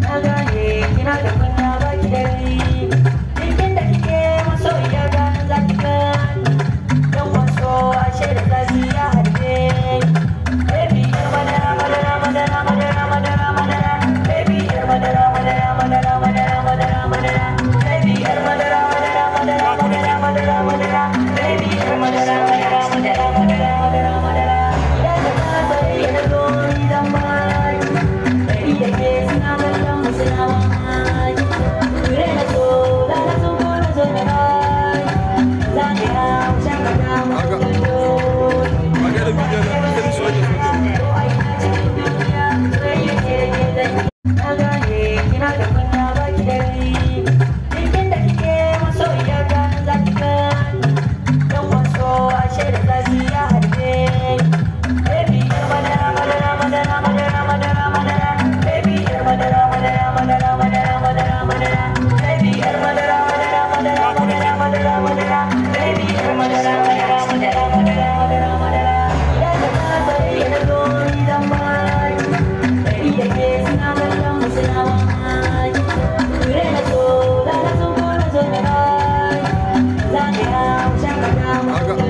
na gane kina da kunya ba 那个。